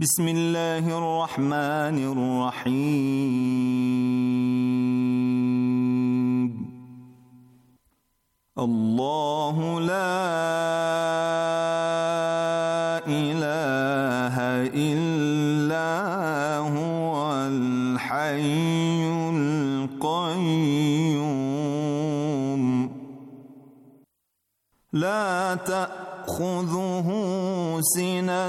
بسم الله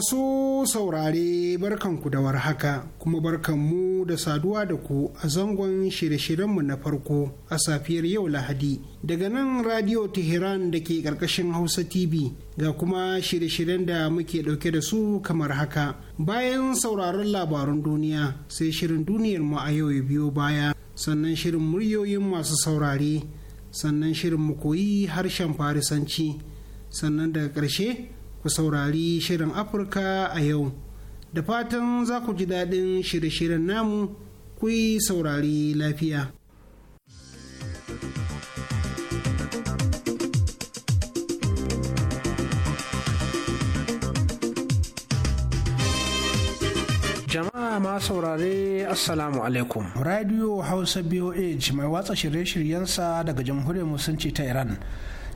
Masu saurare barkanku da warhaka kuma barkanmu da saduwa da ku a zangon shirye-shiryenmu na farko a safiyar yau Lahadi daga nan Radio Tehran da ke karkashin Hausa TV ga kuma shirye-shiryen da muke ɗauke da su kamar haka. Bayan sauraron labarun duniya sai shirin duniyar mu a yau ya biyo baya sannan shirin muryoyin masu saurare sannan shirin mu koyi harshen Farisanci sannan daga karshe. ku saurari shirin afirka a yau da fatan za ku ji daɗin shirye-shiryen namu ku yi saurari lafiya jama'a ma saurare assalamu alaikum radio hausa boh mai watsa shirye-shiryensa daga jamhuriyar musulunci ta iran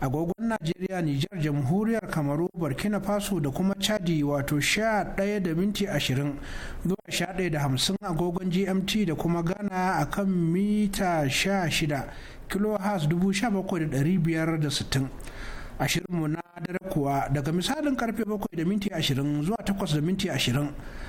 agogon najeriya nijar jamhuriyar kamaru burkina faso da kuma chadi wato ɗaya da minti ashirin zuwa ɗaya da hamsin agogon gmt da kuma ghana a kan mita shida da sittin ashirinmu na dare kuwa daga misalin karfe bakwai da minti ashirin zuwa takwas da minti ashirin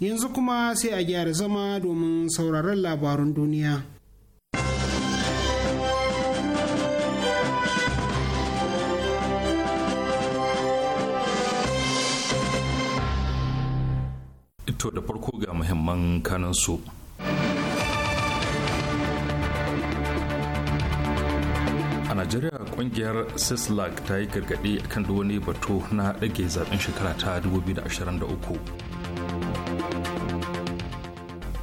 yanzu kuma sai a gyara zama domin sauraron labarun duniya. To da farko ga muhimman su. A Najeriya ƙungiyar Sislak ta yi gargaɗi kan wani batu na ɗage zaben shekara ta 2023.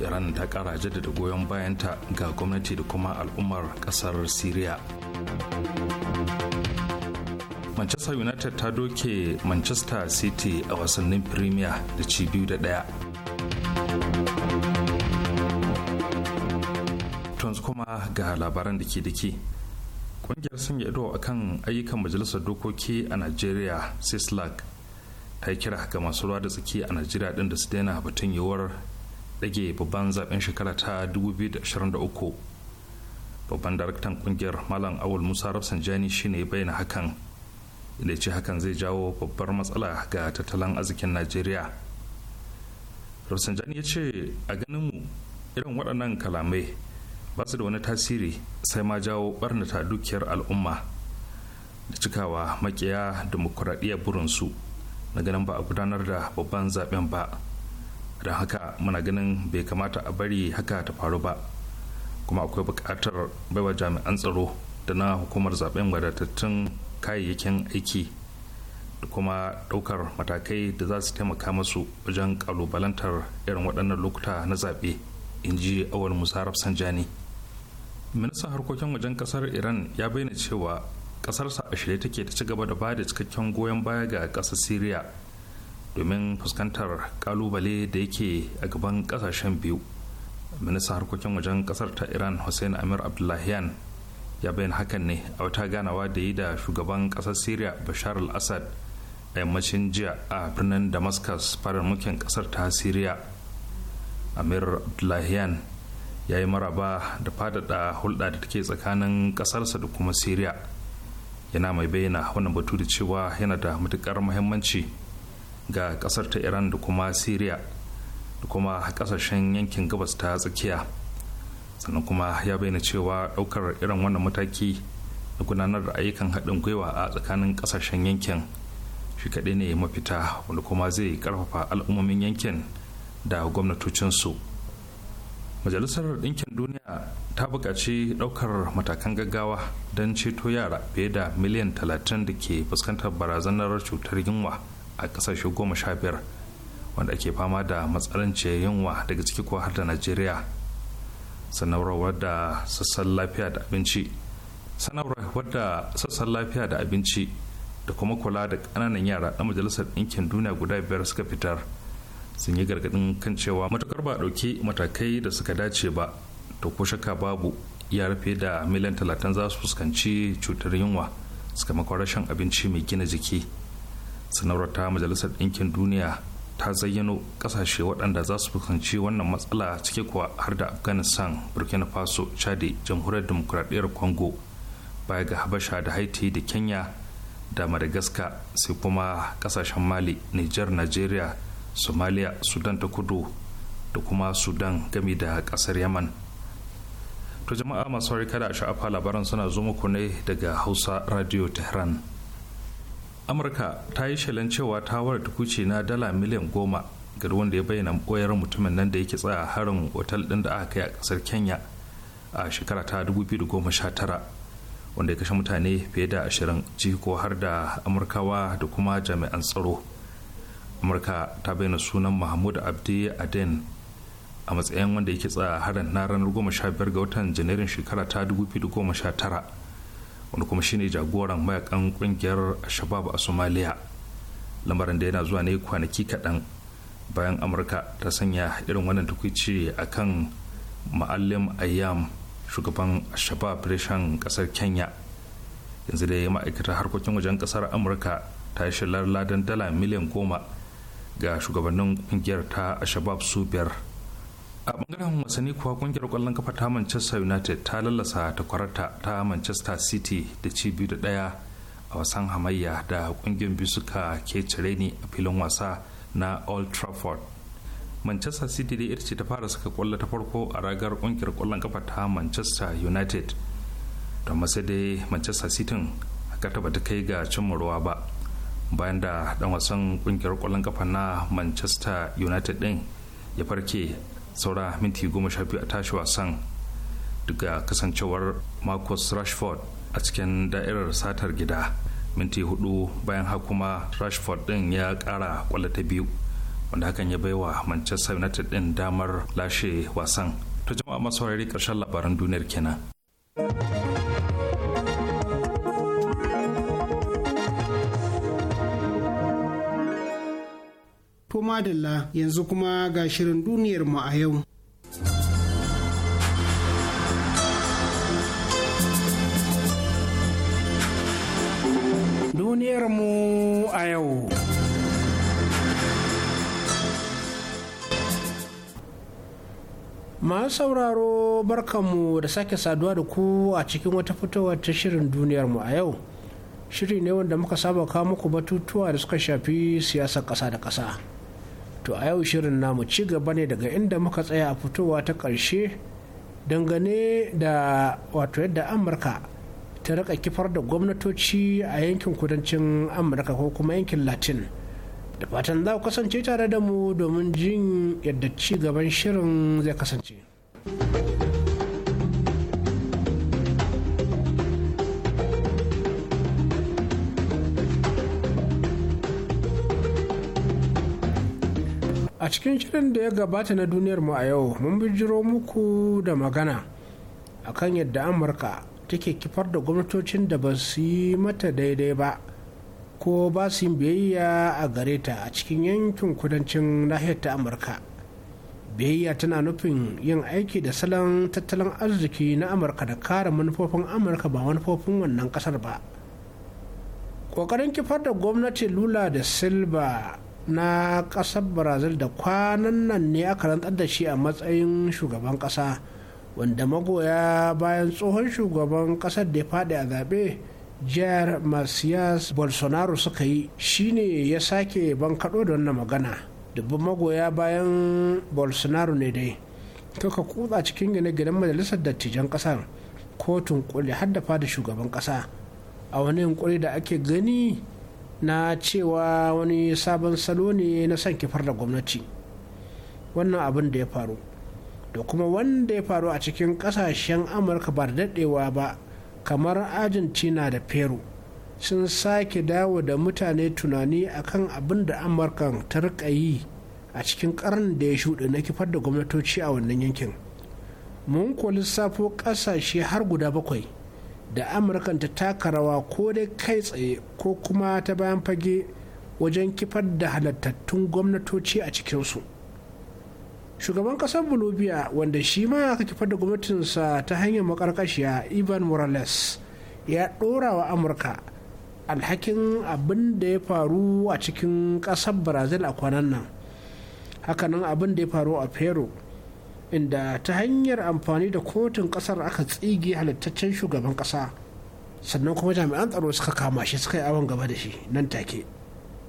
iran ta kara jaddada goyon bayanta ga gwamnati da kuma al'ummar kasar syria manchester united ta doke manchester city a wasannin premier da ci biyu da daya tons kuma ga labaran da ke dake kungiyar sun ido a kan ayyukan majalisar dokoki a nigeria sislak ta yi kira ga masu ruwa da tsaki a najeriya din da su daina batun yiwuwar dage babban zaben shekara ta 2023 babban daraktan kungiyar malam awul musa rafsanjani shine ya bayyana hakan da ce hakan zai jawo babbar matsala ga tattalin arzikin najeriya rafsanjani ya ce a ganinmu irin waɗannan kalamai ba su da wani tasiri sai ma jawo barnata dukiyar al'umma da cikawa makiya demokuraɗiyyar burinsu na ganin ba a gudanar da babban zaben ba don haka muna ganin bai kamata a bari haka ta faru ba kuma akwai bukatar baiwa jami'an tsaro da na hukumar zaben wadatattun kayayyakin aiki da kuma ɗaukar matakai da za su taimaka masu wajen kalubalantar irin waɗannan lokuta na zaɓe in ji awal musarar sanjani ministan harkokin wajen ƙasar iran ya bayyana cewa kasarsa a shirye take ta ci gaba da bada cikakken goyon baya ga kasar syria domin fuskantar kalubale da yake a gaban kasashen biyu ministan harkokin wajen kasar ta iran hussein amir abdullahian ya bayyana hakan ne a wata ganawa da yi da shugaban kasar syria bashar al-assad a yammacin jiya a birnin damascus farar kasar ta syria amir abdullahian ya yi maraba da fadada hulɗa da take tsakanin kasarsa da kuma syria yana mai bayyana wannan batu da cewa yana da matukar muhimmanci ga kasar ta iran da kuma syria da kuma kasashen yankin gabas ta tsakiya sannan kuma ya bayyana cewa daukar irin wannan mataki na gudanar da ayyukan haɗin gwiwa a tsakanin kasashen yankin shi kaɗai ne mafita wanda kuma zai karfafa al'ummomin yankin da gwamnatocinsu majalisar ɗinkin duniya ta buƙaci ɗaukar matakan gaggawa don ceto yara fiye da miliyan 30 da ke fuskantar barazanar cutar yunwa a ƙasashe goma sha biyar wanda ake fama da matsalanciyar yunwa daga ciki ko har da najeriya sanarwar da sassan lafiya da abinci sanarwar da sassan lafiya da abinci da kuma kula da ƙananan yara na majalisar ɗinkin duniya guda biyar suka fitar sun yi gargadin kan cewa matukar ba dauke matakai da suka dace ba to ko shakka babu ya rufe da miliyan talatin za su fuskanci cutar yunwa makon rashin abinci mai gina jiki sanarwar ta majalisar ɗinkin duniya ta zayyano ƙasashe waɗanda za su fuskanci wannan matsala cike kuwa har da afghanistan burkina faso chadi jamhuriyar demokuraɗiyyar congo baya ga habasha da haiti da kenya da madagascar sai kuma ƙasashen mali niger nigeria somalia sudan ta kudu da kuma sudan gami da kasar yaman to jama'a masu harika da sha'afa labaran suna zo muku ne daga hausa radio tehran amurka ta yi shalin cewa ta wara tukuci na dala miliyan goma ga wanda ya bayyana koyar mutumin nan da yake tsaya harin otal din da aka kai a kasar kenya a shekara ta 2019 wanda ya kashe mutane fiye da ashirin ciki har da amurkawa da kuma jami'an tsaro amurka ta bayyana sunan mahmud abdi aden a matsayin wanda ya tsaya harin na ranar goma sha biyar ga watan janairun shekara ta dubu biyu goma sha tara wani kuma shine jagoran mayakan kungiyar shabab a somaliya lamarin da yana zuwa ne kwanaki kaɗan bayan amurka ta sanya irin wannan tukwici a kan ma'allim ayyam shugaban shabab reshen kasar kenya yanzu da ya ma'aikatar harkokin wajen kasar amurka ta yi shi ladan dala miliyan goma ga shugabannin kungiyar ta shabab su biyar a bangaren wasanni kuwa kungiyar kwallon kafa ta manchester united ta lallasa takwararta ta manchester city da ci biyu da daya a wasan hamayya da kungiyar biyu suka ke cire ni a filin wasa na old trafford manchester city da ita ce ta fara suka kwallo ta farko a ragar kungiyar kwallon kafa ta manchester united da masu dai manchester city haka ta bata kai ga cimma ruwa ba bayan da dan wasan kungiyar kwallon kafa na manchester united din ya farke saura minti goma sha biyu a tashi wasan daga kasancewar marcus rashford a cikin da'irar satar gida minti hudu bayan haka kuma rashford din ya kara kwallo ta biyu wanda hakan ya baiwa manchester united din damar lashe wasan ta jama'a masu karshen labaran duniyar kenan To madalla yanzu kuma ga shirin duniyar mu a yau. Duniyar mu a yau. masu sauraro barkanmu da sake saduwa da ku a cikin wata fitowa ta shirin duniyarmu a yau shiri ne wanda muka saba kawo muku batutuwa da suka shafi siyasar ƙasa da ƙasa to a yau shirin namu ci gaba ne daga inda muka tsaya a fitowa ta ƙarshe dangane da wato yadda amurka ta rika kifar da gwamnatoci a yankin kudancin amurka ko kuma yankin latin da fatan za ku kasance tare da mu domin jin yadda ci gaban shirin zai kasance. a cikin shirin da ya gabata na duniyar mu a yau mun bijiro muku da magana akan yadda amurka take kifar da gwamnatocin da ba su yi mata daidai ba ko ba su yin biyayya a gare ta a cikin yankin kudancin nahiyar ta amurka biyayya tana nufin yin aiki da salon tattalin arziki na amurka da kare manufofin amurka ba manufofin wannan kasar ba ƙoƙarin kifar da gwamnati lula da silba na ƙasar brazil da kwanan nan ne aka rantsar da shi a matsayin shugaban ƙasa wanda magoya bayan tsohon shugaban ƙasar da ya faɗi a zaɓe jihar marcias bolsonaro suka yi shine ya sake ban bankaɗo da wannan magana dubban magoya bayan bolsonaro ne dai suka kutsa cikin gine-ginen majalisar dattijan ƙasar kotun koli har da fada shugaban ƙasa a wani yunkuri da ake gani na cewa wani sabon salo ne na son kifar da gwamnati wannan abin da ya faru da kuma wanda ya faru a cikin kasashen amurka ba da daɗewa ba kamar argentina da peru sun sake dawo da mutane tunani akan abin da Amurka ta rika yi a cikin karin da ya shuɗe na kifar da gwamnatoci a wannan yankin mun kuwa lissafo ƙasashe har guda bakwai da amurkan ta taka rawa ko dai kai tsaye ko kuma ta bayan fage wajen kifar da halattattun gwamnatoci a cikinsu shugaban kasar bolivia wanda shi ma aka kifar da gwamnatinsa ta hanyar makarkashiya ivan morales ya ɗora wa amurka alhakin abin da ya faru a cikin ƙasar brazil a kwanan nan hakanan abin da ya faru a peru inda ta hanyar amfani da kotun kasar aka tsige halittaccen shugaban kasa sannan kuma jami'an tsaro suka kama shi suka yi awon gaba da shi nan take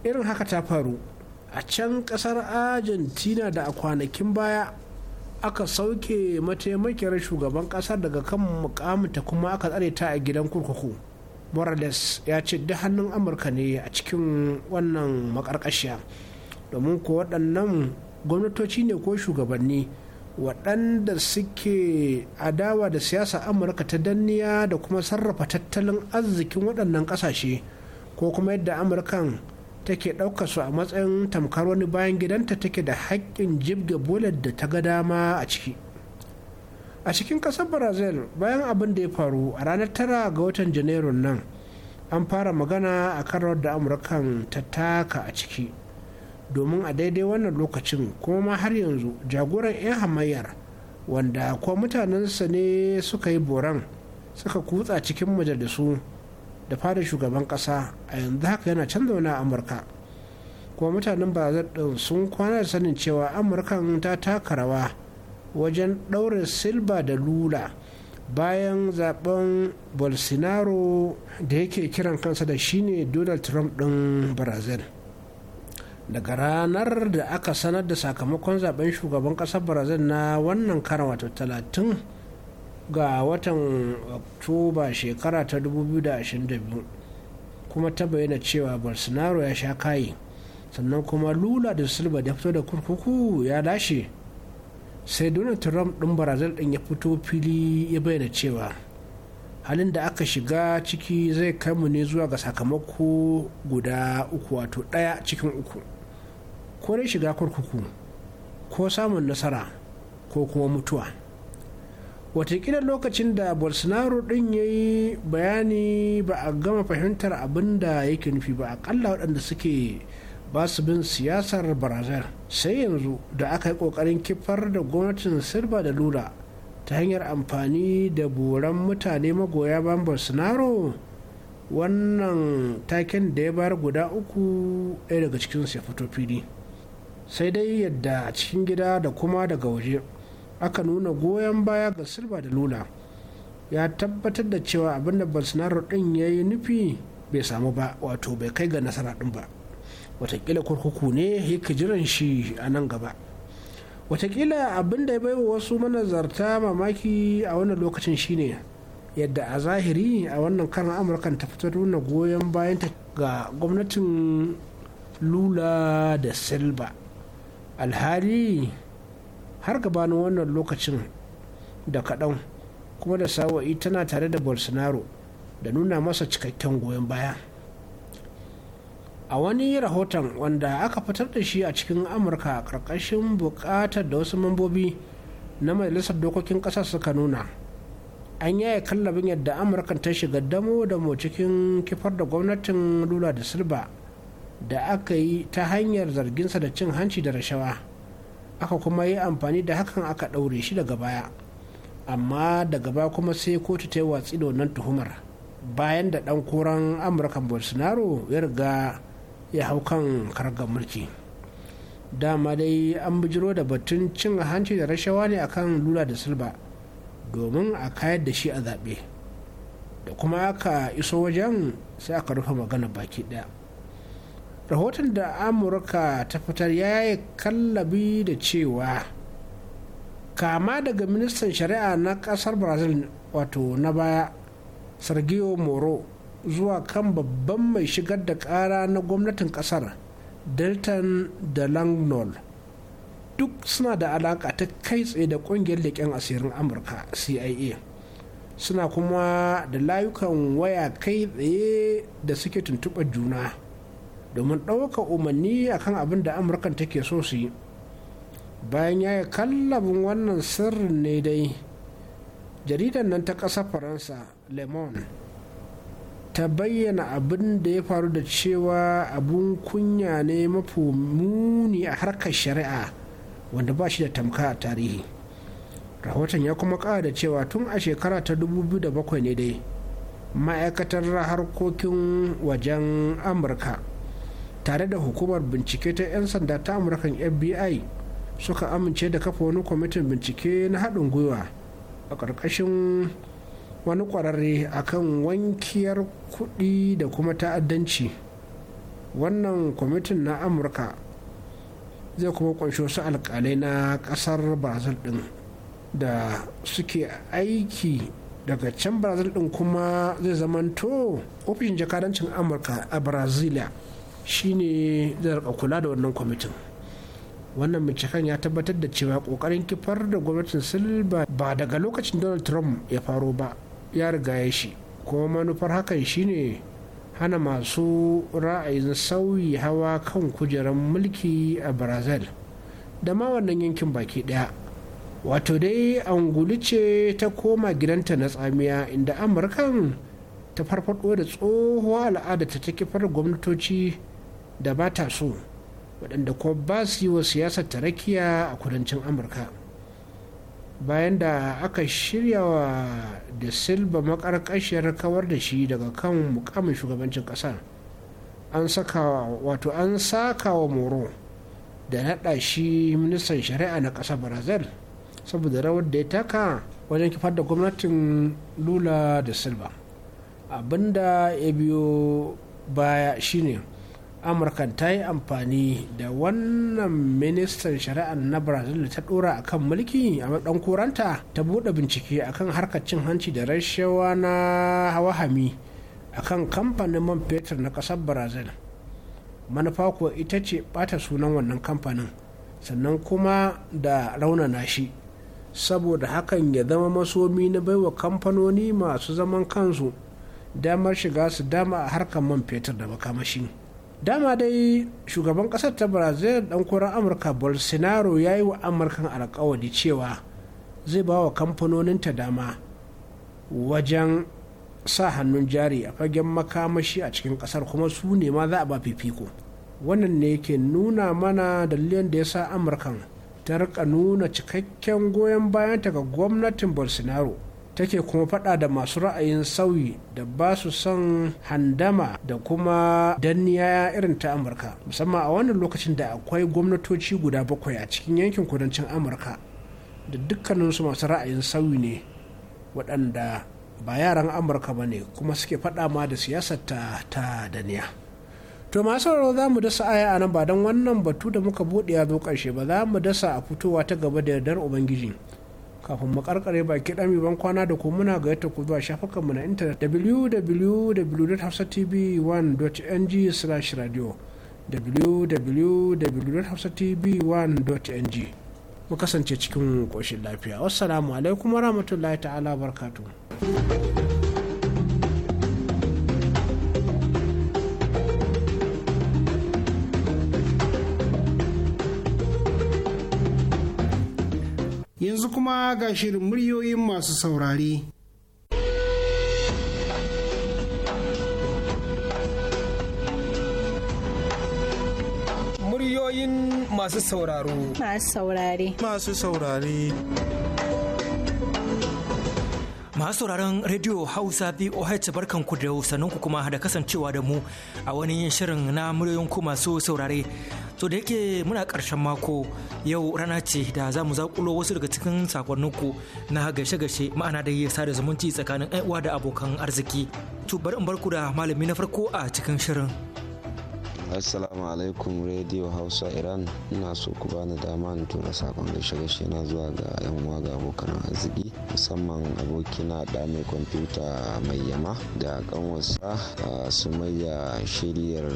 irin haka ta faru a can kasar argentina da a kwanakin baya aka sauke mataimakiyar shugaban kasar daga kan mukamta kuma aka tsare ta a gidan kurkuku morales ya ce duk hannun amurka ne a cikin wannan makarkashiya domin ko waɗannan gwamnatoci ne ko shugabanni waɗanda suke adawa da siyasa amurka ta danniya da kuma sarrafa tattalin arzikin waɗannan ƙasashe ko kuma yadda amurkan take ɗauka su a matsayin tamkar wani bayan gidanta take da haƙƙin jibga bolar da ta ga dama a ciki a cikin ƙasar brazil bayan abin da ya faru a ranar tara ga watan janairun nan an fara magana a kan da amurkan ta taka a ciki domin a daidai wannan lokacin kuma ma har yanzu jagoran 'yan hamayyar wanda kuwa mutanensa ne suka yi boran suka kutsa cikin majalisu da fada shugaban kasa a yanzu haka yana canza zaune a amurka kuma mutanen brazil din sun kwana da sanin cewa amurkan ta taka rawa wajen ɗaure silba da lula bayan zaben bolsonaro da yake kiran kansa da shine donald trump din brazil daga ranar da aka sanar da sakamakon zaben shugaban kasar brazil na wannan karan wato talatin ga watan oktoba shekara ta 2022 kuma ta bayyana cewa bolsonaro ya sha kayi sannan kuma lula da silba da fito da kurkuku ya lashe sai donald trump ɗin brazil ɗin ya fito fili ya bayyana cewa halin da aka shiga ciki zai kai mu ne zuwa ga sakamako guda uku wato ɗaya cikin uku ko dai shiga kurkuku ko samun nasara ko kuma mutuwa watakila lokacin da bolsonaro din ya yi bayani ba a gama fahimtar abin da yake nufi ba akalla waɗanda suke ba su bin siyasar brazil sai yanzu da aka yi ƙoƙarin kifar da gwamnatin silva da lula ta hanyar amfani da buran mutane magoya ban bolsonaro wannan taken da ya bayar guda uku ɗaya daga cikinsu ya fito fili sai dai yadda a cikin gida da kuma daga waje aka nuna goyon baya ga silba da lula ya tabbatar da cewa abinda bolsonaro din ya yi nufi bai samu ba wato bai kai ga nasara din ba watakila kurkuku ne yake jiran shi a nan gaba watakila abinda ya bai wa wasu manazarta mamaki a wannan lokacin shine yadda a zahiri a wannan karin amurkan ta fitar nuna goyon bayanta ga gwamnatin lula da silba alhali har gabanin wannan lokacin da kaɗan kuma da sawa'i tana tare da bolsonaro da nuna masa cikakken goyon baya a wani rahoton wanda aka fitar da shi a cikin amurka ƙarƙashin buƙatar da wasu mambobi na majalisar dokokin ƙasa suka nuna an yaya kallabin yadda amurka ta shiga damo da mu cikin kifar da gwamnatin lula da silba da aka yi ta hanyar zarginsa da cin hanci da rashawa aka kuma yi amfani da hakan aka ɗaure shi daga baya amma daga baya kuma sai kotu ta yi watsi da wannan tuhumar bayan da ɗan koran amurka bolsonaro ya riga ya hau kan kargar mulki dama dai an bijiro da batun cin hanci da rashawa ne akan lula da silba domin a kayar da shi a zaɓe da kuma aka iso wajen sai aka rufe magana baki ɗaya rahoton da amurka ta fitar ya yi kallabi da cewa kama daga ministan shari'a na kasar brazil wato na baya sergio moro zuwa kan babban mai shigar da kara na gwamnatin kasar delton da langnol duk suna da alaka ta kai tsaye da kungiyar leƙen asirin amurka cia suna kuma da layukan waya kai tsaye da suke tuntuɓar juna domin ɗauka umarni akan abin da amurkan take so su yi bayan ya yi kallabin wannan sirrin ne dai jaridar nan ta ƙasa faransa le monde ta bayyana abin da ya faru da cewa abun kunya ne mafi muni a harkar shari'a wanda ba shi da tamka a tarihi rahoton ya kuma ƙara da cewa tun a shekara ta 2007 ne dai ma'aikatar harkokin wajen amurka tare da hukumar bincike ta 'yan sanda ta amurkan fbi suka amince da kafa wani kwamitin bincike na haɗin gwiwa a ƙarƙashin wani ƙwararre a kan wankiyar kuɗi da kuma ta'addanci wannan kwamitin na amurka zai kuma ƙunshi wasu alƙalai na ƙasar brazil ɗin da suke aiki daga can brazil ɗin kuma zai zamanto ofishin jakadancin amurka a brazilia shine da kula da wannan kwamitin wannan binciken ya tabbatar da cewa kokarin kifar da gwamnatin silba ba daga lokacin donald trump ya faro ba ya riga ya shi kuma manufar hakan shine hana masu ra'ayin sauyi hawa kan kujerar mulki a brazil da ma wannan yankin baki daya wato dai anguli ce ta koma gidanta na tsamiya inda amurkan ta farfado da tsohuwa al'ada ta kifar gwamnatoci da ba ta so waɗanda kuma ba su yi wa siyasar tarakiya a kudancin amurka bayan da aka shirya wa da silba makarƙashiyar kawar da shi daga kan mukamin shugabancin ƙasa an saka wato an saka wa moro da naɗa shi ministan shari'a na ƙasa brazil saboda rawar da ya taka wajen kifar da gwamnatin lula da silba abinda ya biyo baya shine amurka ta yi amfani da wannan ministan shari'ar na brazil da ta dora a kan mulki a madan koranta ta buɗe bincike akan harkar cin hanci da rashawa na hawahami kan kamfanin man fetur na ƙasar brazil manufa kuwa ita ce ɓata sunan wannan kamfanin sannan kuma da raunana shi saboda hakan ya zama masomi na baiwa kamfanoni masu zaman kansu damar shiga su dama a harkar man fetur da makamashi. dama dai shugaban kasar ta brazil dan kuran amurka bolsonaro ya yi wa amurkan alkawari cewa zai ba wa kamfanoninta dama wajen sa hannun jari a fagen makamashi a cikin kasar kuma su ne ma za a ba fifiko wannan ne ke nuna mana dalilin da ya sa amurkan ta rika nuna cikakken goyon bayanta ga gwamnatin bolsonaro take kuma fada da masu ra'ayin sauyi da ba su son handama da kuma danniya irin ta amurka musamman a wannan lokacin da akwai gwamnatoci guda bakwai a cikin yankin kudancin amurka da dukkaninsu masu ra'ayin sauyi ne waɗanda ba yaran amurka ba ne kuma suke fada ma da siyasar ta ta daniya To masu sauraro za mu dasa aya a nan ba don wannan batu da muka buɗe ya zo karshe ba za mu dasa a fitowa ta gaba da yardar Ubangiji. kafin mu karkare baki dami ban kwana da ku muna ga yadda ku zuwa mu na intanet www.hafsatv1.ng/radio www.hafsatv1.ng mu kasance cikin koshin lafiya wassalamu alaikum warahmatullahi ta'ala barkatu. yanzu kuma ga shirin muryoyin masu saurare. Muryoyin masu sauraro. Masu saurare. Masu saurare. Masu sauraron Radio Hausa barkan barkanku da ku kuma da kasancewa da mu a wani shirin na muryoyin ku masu saurare. To da yake muna karshen mako yau rana ce da za mu zaƙulo wasu daga cikin sakonninku na gashe-gashe ma'ana da yasa sada zumunci tsakanin uwa da abokan arziki. To bari in barku da malami na farko a cikin shirin. assalamu alaikum radio hausa iran ina so ku bani dama in tura sakon gaishe gaishe na zuwa ga yan uwa ga abokan arziki musamman abokina da mai kwamfuta mai yama da kanwarsa a sumayya shiriyar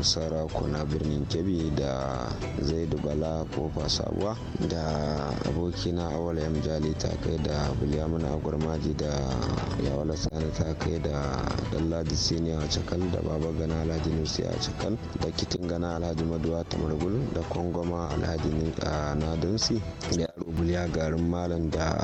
na birnin kebbi da zaidu bala kofa sabuwa da abokina awal yam jali ta kai da bulyamuna agwarmaji da yawala sani ta kai da dalladi siniya a cakal da baba gana a cakal da kitin gana alhaji maduwa tamargul da kwangwama alhaji nadunsi da yaro garin malam da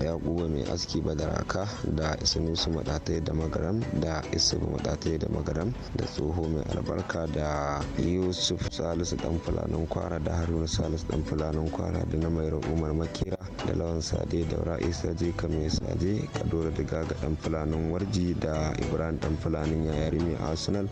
yakuba mai aski badaraka da isinusu matatai da magaram da isubu matatai da magaram da tsoho mai albarka da yusuf salisu dan fulanin kwara da haruna salisu dan fulanin kwara da na mai umar makera da lawan sade da isa ka mai sade kadora daga ga dan fulanin warji da ibrahim dan fulanin yayari mai arsenal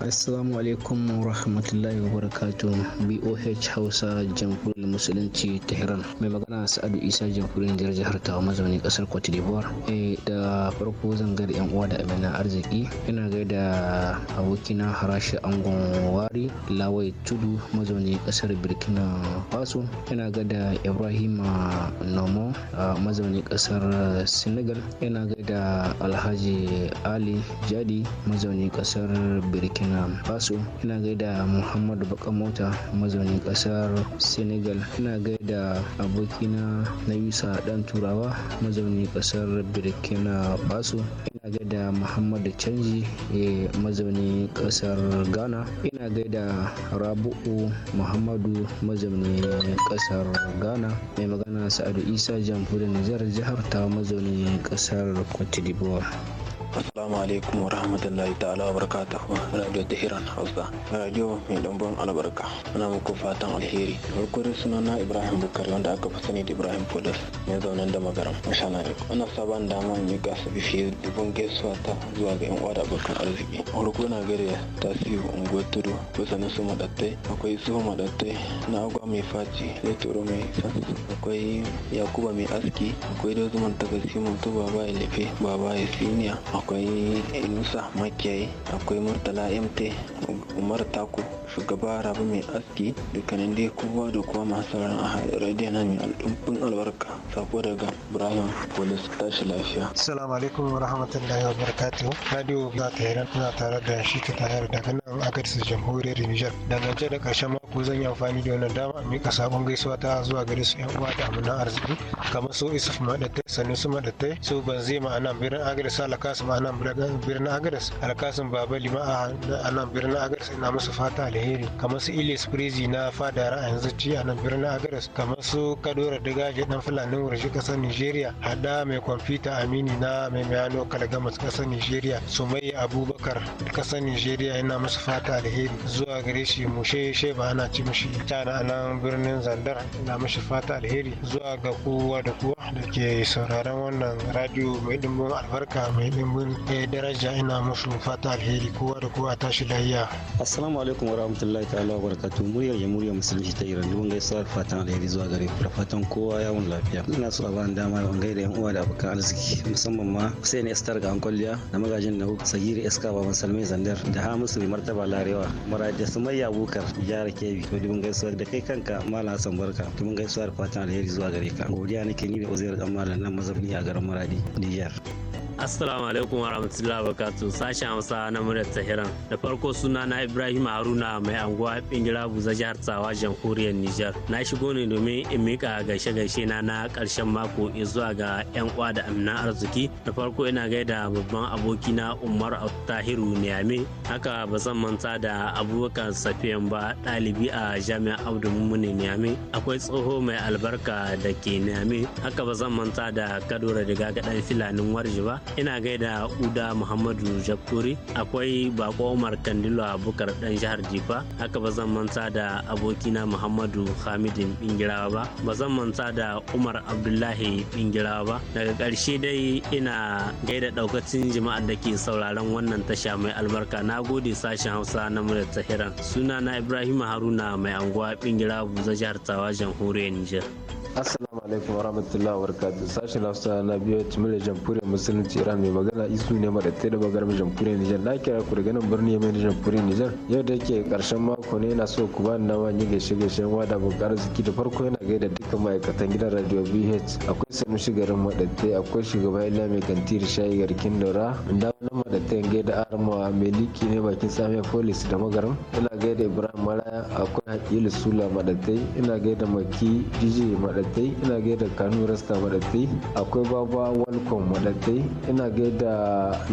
assalamu alaikum rahmatullahi wa barakatun BOH Hausa Jamhuriyar Musulunci Tehran. Mai magana Sa'adu Isa Jamhuriyar Jihar Jihar Tawa mazaunin kasar Cote d'Ivoire. Eh, da farko zan gari yan uwa da amina arziki. Ina gaida abokina Harashi Angon Wari Lawai Tudu mazauni kasar Birkina Faso. Ina gaida Ibrahima Nomo mazauni kasar Senegal. Ina gaida Alhaji Ali Jadi mazauni kasar Burkina Faso. Ina gaida da muhammadu baka mota mazaunin kasar senegal ina gaida abokina na yusa dan turawa mazaunin ƙasar burkina faso ina gaida muhammadu canji eh, mazaunin kasar ghana ina gaida rabu'u muhammadu mazaunin kasar ghana mai magana sa'adu isa jamhuriyar nijar jihar ta mazaunin ƙasar cote d'ivoire Assalamu alaikum wa rahmatullahi ta'ala wa barakatuhu Radio Tehran Hausa. Radio mai dambon albarka. Ana muku fatan alheri. Farko suna sunana Ibrahim Bukari wanda aka fi sani da Ibrahim Fodar mai zaune da magaram. Masha Allah. Ana saban dama gasa yi su bifi dubun gaisuwa ta zuwa ga 'yan uwa da abokan arziki. Farko na gare tasiru unguwar tudu ko sanin su madattai akwai su madattai na agwa mai faci da turo mai sansu akwai yakuba mai aski akwai da zuman tagasi mutu baba ya lefe baba ya siniya akwai inusa makiyayi akwai murtala mt umar taku. shugaba rabu mai aski dukkanin dai kowa da kowa masu sauran a radio na mai al'umfin albarka sako daga ibrahim polis tashi lafiya assalamu alaikum wa rahmatullahi wa barakatuhu radio za ta yi tana tare da shi ta tare daga nan agarsu jamhuriyar nijar dangance da karshen mako zan yi amfani da wannan dama mai ka sabon gaisuwa ta zuwa gare su yan uwa da amina arziki kamar su isuf maɗattai sannu su maɗattai su banzema a nan birnin agadas alakasim a nan birnin agadas alakasin babali ma a nan birnin agres ina musu fata alheri alheri kamar su ilis prezi na fada ra'ayin zuci a nan birnin agares kamar su kadora digaje dan fulani wurashi kasar nigeria hada mai kwamfuta amini na mai mayano kalgamas kasar nigeria sumayya abubakar kasar nigeria yana musu fata alheri zuwa gare shi mushe sheba ana ci mishi tana a nan birnin zandar na mishi fata alheri zuwa ga kowa da kowa da ke sauraron wannan radio mai dimbin albarka mai dimbin eh, daraja ina musu fata alheri kowa da kowa tashi lahiya assalamu alaikum rahmatullahi ta'ala wa barakatu muryar murya musulunci ta iran dubin gaisuwa fatan alheri zuwa gare ku da fatan kowa yawon lafiya ina so a bani dama yawan gaida yan uwa da abokan arziki musamman ma hussein estar ga kwalliya da magajin na sagiri iska baban salmai zandar da hamisu mai martaba larewa su sumayya abubakar jihar kebbi to dubin gaisuwa da kai kanka malam hassan barka dubin gaisuwa da fatan alheri zuwa gare ka godiya nake ni da uzair dan malam nan mazabni a garin maradi niger Assalamu alaikum wa wabarakatuh sashen Hausa na muryar Tahiran. Da farko suna na Ibrahim Haruna mai anguwa bingira buza jihar Tsawa jamhuriyar Nijar. Na shigo ne domin in mika gaishe gaishe na na karshen mako zuwa ga yan uwa da amina arziki. Da farko ina gaida babban aboki na Umar Tahiru Niyame. Haka ba zan manta da Abubakar Safiyan ba ɗalibi a Jami'ar Abdu Mumuni Niyame. Akwai tsoho mai albarka da ke Niyame. Haka ba zan manta da Kadura da gadan filanin Warji ba. ina gaida uda muhammadu jakuri akwai bako umar kandilo bukar dan jihar jifa haka ba zan manta da abokina muhammadu hamidu bingirawa ba ba zan manta da umar abdullahi bingirawa ba daga karshe dai ina gaida ɗaukacin jama'ar da ke sauraron wannan tasha mai albarka na gode sashen hausa na muryar tahiran suna na ibrahim haruna mai anguwa bingirawa buza jihar tawa jamhuriyar niger assalamu alaikum rahmatullahi wa sashen Sashi na biyu cimila jamhuriyar musulunci iran mai magana isu ne madatta da bagarba jamhuriyar nijar na kira ku daga nan birni mai jamhuriyar nijar yau da yake karshen mako ne yana so ku bani dama yi gaishe gaishen wada bukar ziki da farko yana gaida duka ma'aikatan gidan radio bh akwai sanu shigarin madatta akwai shugaban ila mai kantiri shayi garkin daura inda madatta gaida armawa mai liki ne bakin samiyar polis da magaram ina gaida ibrahim maraya akwai hakilu sula madatta ina gaida maki jiji madatta maɗattai ina gaida kano rasta maɗattai akwai baba walcom maɗattai ina gaida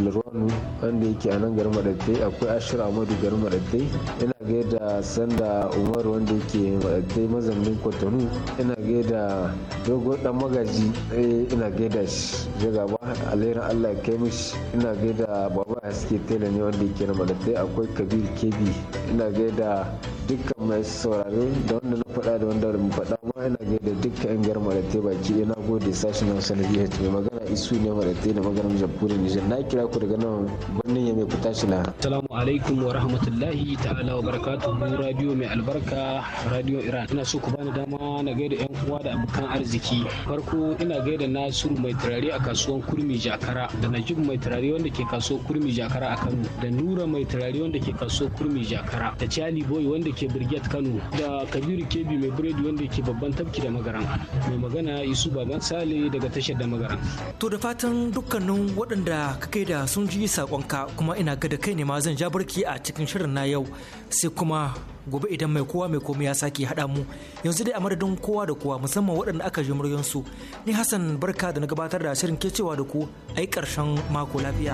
lorano wanda yake anan garin maɗattai akwai ashir amadu garin maɗattai ina gaida sanda umaru wanda yake maɗattai mazanin kwatanu ina gaida dogon dan magaji eh, ina gaida shi jagaba alherin allah kai mishi ina gaida baba haske tela ne wanda yake na maɗattai akwai kabir kebi ina gaida dukkan mai sauraro da wanda na faɗa da wanda mu faɗa ba ina gaida dukkan yan gyar maratai baki ina gode sashi hausa na bh mai magana isu ne maratai da maganar jamhuriyar nijar na kira ku daga nan birnin ya mai fita shi na. Salamu alaikum wa rahmatullahi ta'ala wa mu radio mai albarka radio iran ina so ku bani dama na gaida yan uwa da abokan arziki farko ina gaida nasu mai turare a kasuwan kurmi jakara da najib mai turare wanda ke kasuwar kurmi jakara a kano da nura mai turare wanda ke kasuwar kurmi jakara da charlie boy wanda ke Brigade Kano da Kabiru Kebi mai biredi wanda ke babban tafki da magaran. Mai magana Isu Baban Sale daga tashar da magaran. To da fatan dukkanin waɗanda ka kai da sun ji sakonka kuma ina ga da kai ne ma zan ja barki a cikin shirin na yau sai kuma gobe idan mai kowa mai komai ya sake haɗa mu yanzu dai a madadin kowa da kowa musamman waɗanda aka ji muryansu ni Hassan barka da na gabatar da shirin ke cewa da ku ai ƙarshen mako lafiya.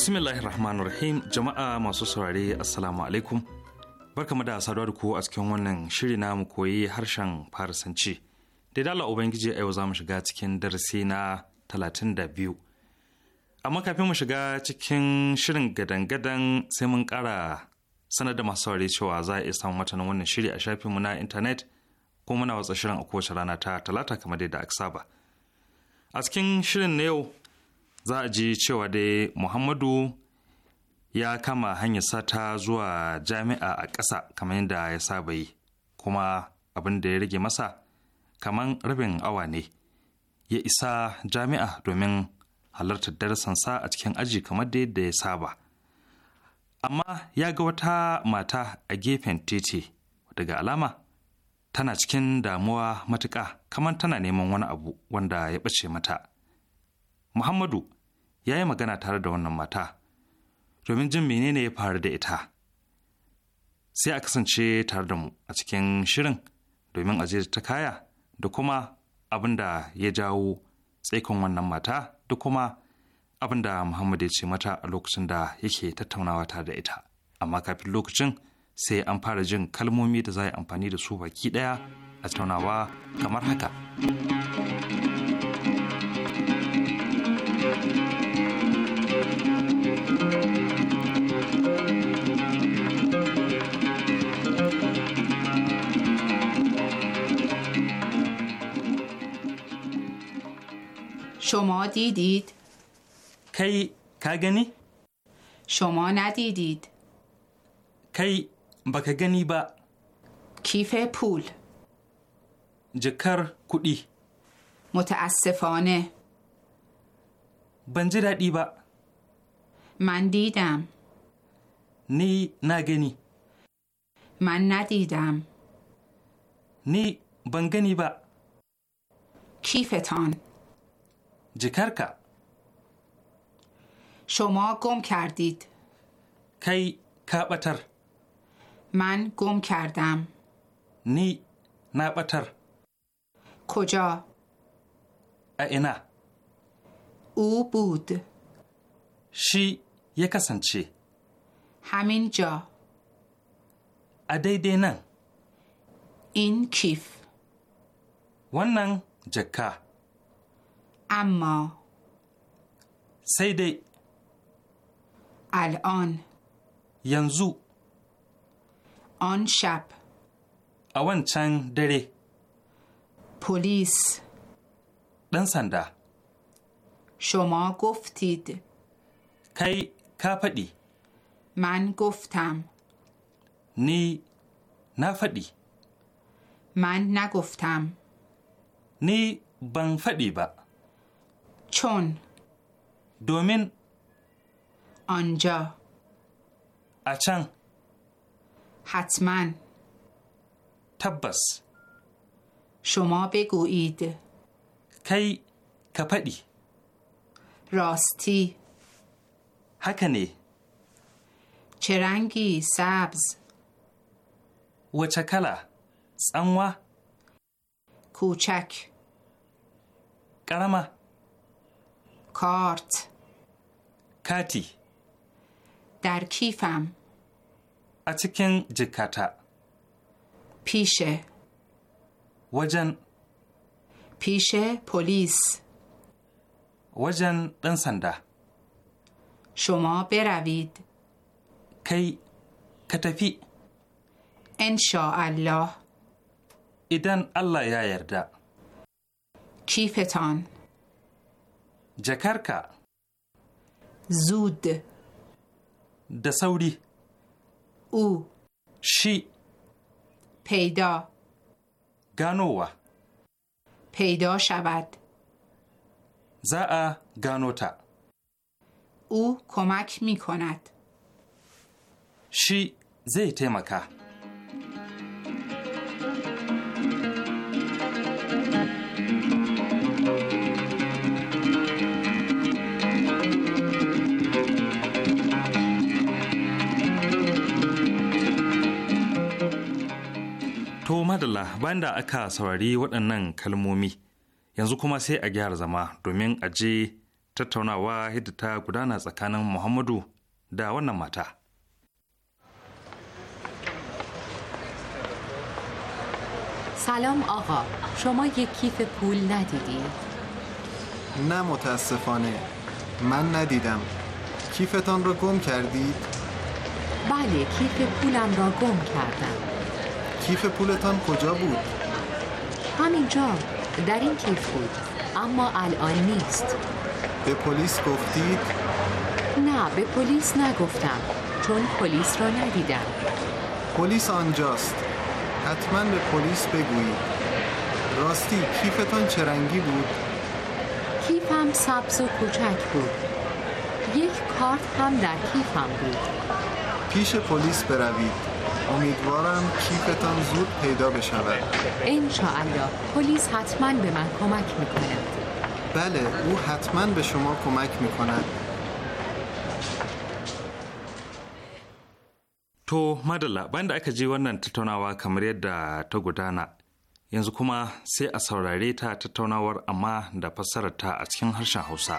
bismillahir rahmanir rahim jama'a masu saurare assalamu alaikum barkamu da saduwa da ku a cikin wannan shiri na mu koyi harshen farisanci da dala ubangiji a yau za mu shiga cikin darasi na talatin da biyu amma kafin mu shiga cikin shirin gadan-gadan sai mun kara sanar da masu saurare cewa za a iya samun matanin wannan shiri a shafinmu na intanet ko muna watsa shirin a kowace rana ta talata kamar da aka saba a cikin shirin na yau za a ji cewa dai muhammadu ya kama hanyar sata zuwa jami'a a ƙasa kamar yadda ya saba yi kuma abin da ya rage masa kamar rabin awa ne ya isa jami'a domin halartar darasansa a cikin aji kamar da yadda ya saba amma ya ga wata mata a gefen titi daga alama tana cikin damuwa matuƙa kamar tana neman wani abu wanda ya ɓace mata muhammadu ya yi magana tare da wannan mata domin jin menene ya faru da ita sai a kasance tare da mu a cikin shirin domin ajiyar ta kaya da kuma abin da ya jawo tsaikon wannan mata da kuma abin da muhammadu ya ce mata a lokacin da yake tattaunawa tare da ita amma kafin lokacin sai an fara jin kalmomi da za a yi amfani da su baki ɗaya, a tattaunawa kamar haka. شما دیدید؟ کی کاگنی؟ شما ندیدید کی بکگنی با کیف پول جکر کودی متاسفانه بنجر دادی با من دیدم نی نگنی من ندیدم نی بنگنی با کیفتان جکر که شما گم کردید کی کابتر من گم کردم نی نابتر کجا اینا او بود شی یکسن چی همین جا ادهی دینا این کیف ونن جکا اما sai dai al'on yanzu on shap a wancan dare polis ɗan sanda shoma goftid kai ka faɗi man goftam ni na faɗi man na goftam ni ban faɗi ba چون دومین آنجا اچن حتما تبس شما بگویید کی کپدی راستی هکنی چه رنگی سبز وچه کلا کوچک قرمه کارت کاتی در کیفم اتکن جکتا پیشه وجن پیشه پلیس وجن دنسنده شما بروید کی کتفی ان الله اذن الله یا کیفتان جکرکا زود دساوری او شی پیدا گانووا پیدا شود زا گانوتا او کمک می کند شی زی تیمکه madalla bayan da aka saurari waɗannan kalmomi yanzu kuma sai a gyara zama domin a je tattaunawa yadda ta gudana tsakanin muhammadu da wannan mata. سلام آقا شما یک کیف پول ندیدید؟ نه متاسفانه من ندیدم کیفتان را گم کردید؟ بله کیف پولم را گم کردم کیف پولتان کجا بود؟ همینجا در این کیف بود اما الان نیست به پلیس گفتید؟ نه به پلیس نگفتم چون پلیس را ندیدم پلیس آنجاست حتما به پلیس بگویید راستی کیفتان چه رنگی بود؟ کیفم سبز و کوچک بود یک کارت هم در کیفم بود پیش پلیس بروید امیدوارم کیفتان زود پیدا بشود انشاءالله پلیس حتما به من کمک میکند بله او حتما به شما کمک میکند To madalla bayan da aka je wannan tattaunawa kamar yadda ta gudana yanzu kuma sai a saurare ta tattaunawar amma da fassararta a cikin harshen Hausa.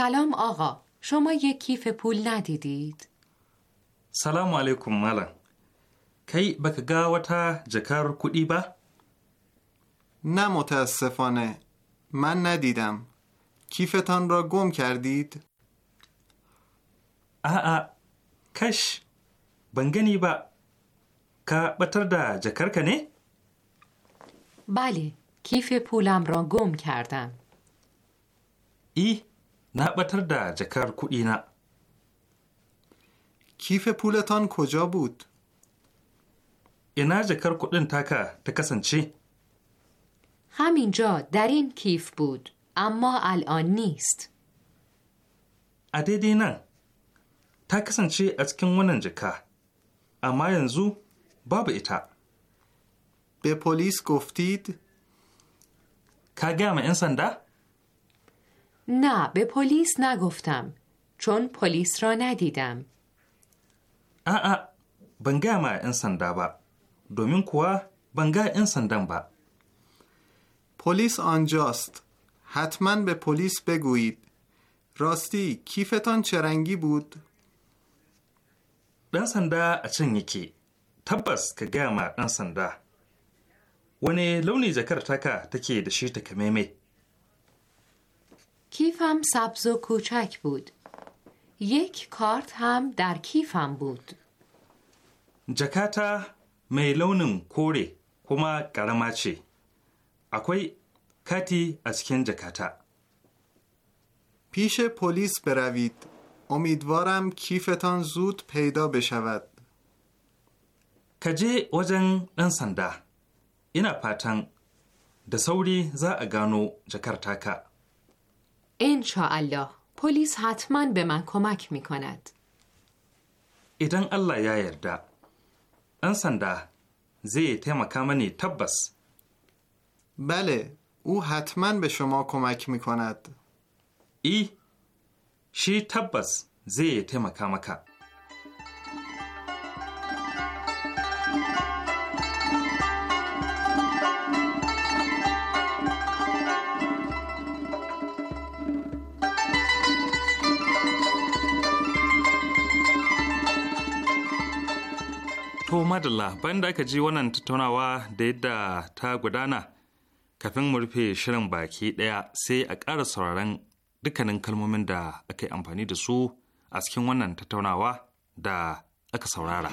سلام آقا شما یک کیف پول ندیدید؟ سلام علیکم ملا کی بک گاوتا جکار کودی با؟ نه متاسفانه من ندیدم کیفتان را گم کردید؟ آآ کش بنگنی با که بتر دا جکر کنی؟ بله کیف پولم را گم کردم ای na ɓatar da jakar kudi na. Kife Pulaton ko Jobut? Ina jakar kuɗin taka ta kasance? Hamin jo darin kif bud, amma al’on nist. A daidai nan, ta kasance a cikin wannan jaka, amma yanzu babu ita. Be polis koftid? Ka gama 'yan sanda? نه به پلیس نگفتم چون پلیس را ندیدم آآ ban gama 'yan sanda ba, domin kuwa ban ga 'yan sandan ba. پلیس آنجاست. حتما به پلیس بگویید. راستی کیفتان چه رنگی بود؟ ɗan sanda a can yake, tabbas ka gama ma ɗan sanda. Wane launi jakar taka take da shi takamaimai? کیفم سبز و کوچک بود یک کارت هم در کیفم بود جکاتا mai launin kore kuma ƙarama ce, akwai kati a cikin jakata. پیش پلیس بروید. امیدوارم کیفتان زود پیدا بشود. je wajen ɗan sanda. Ina fatan da sauri za a gano taka. انشاءالله پلیس حتما به من کمک می کند. ایدن الله یا یرده ان سنده زی تیمکا منی تبس بله او حتما به شما کمک می کند ای شی تبس زی تیمکا کامکا. To madalla bayan da aka ji wannan tattaunawa da yadda ta gudana kafin mu rufe shirin baki ɗaya sai a ƙara sauraron dukkanin kalmomin da aka yi amfani da su a cikin wannan tattaunawa da aka saurara.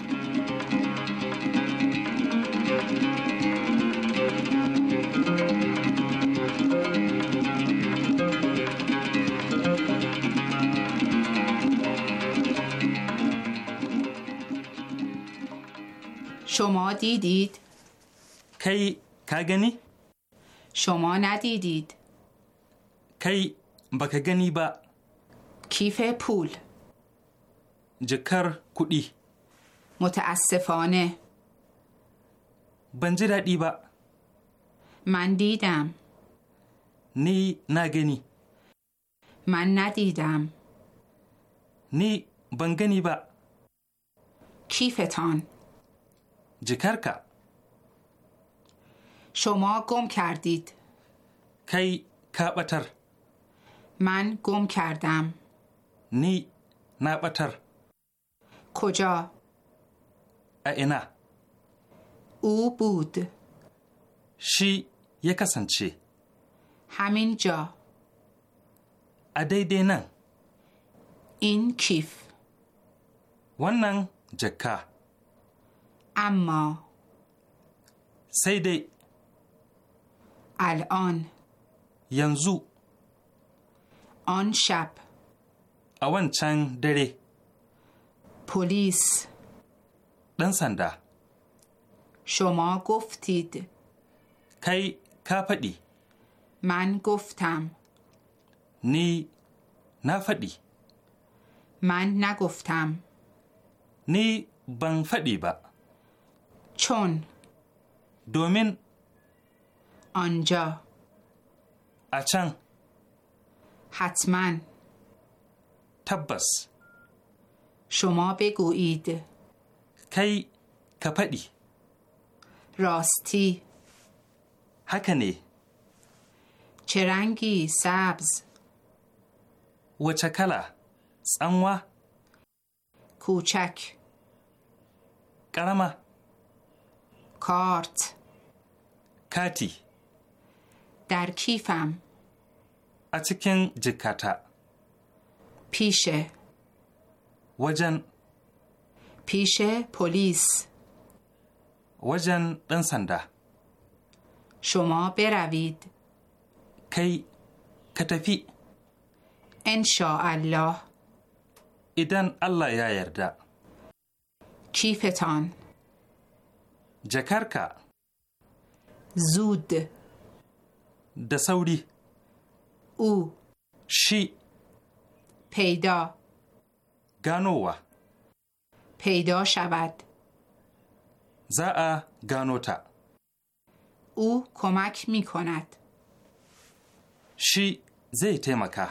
شما دیدید؟ کی کاگنی؟ شما ندیدید کی بکگنی با کیف پول جکر کودی متاسفانه بنجی دادی با من دیدم نی نگنی من ندیدم نی بنگنی با کیفتان جکرکا شما گم کردید کی کابتر من گم کردم نی نابتر کجا اینا او بود شی یکسن چی همین جا ادیده نه این کیف ونن جکا amma sai dai al'on yanzu on sharp a wancan dare police ɗan sanda shoma guftid kai ka faɗi man guftam ni na faɗi man na guftam ni ban faɗi ba چون دومین آنجا اچن حتما تبس شما بگویید کی کپدی راستی هکنی چه رنگی سبز و چکلا سنوا کوچک قرمه کارت کاتی در کیفم اتکن جکتا پیشه وجن پیشه پلیس وجن دنسنده شما بروید کی کتفی ان الله اذن الله یا کیفتان جکرکا زود دساوری او شی پیدا گانووا پیدا شود زا گانوتا او کمک می کند شی زی تمکه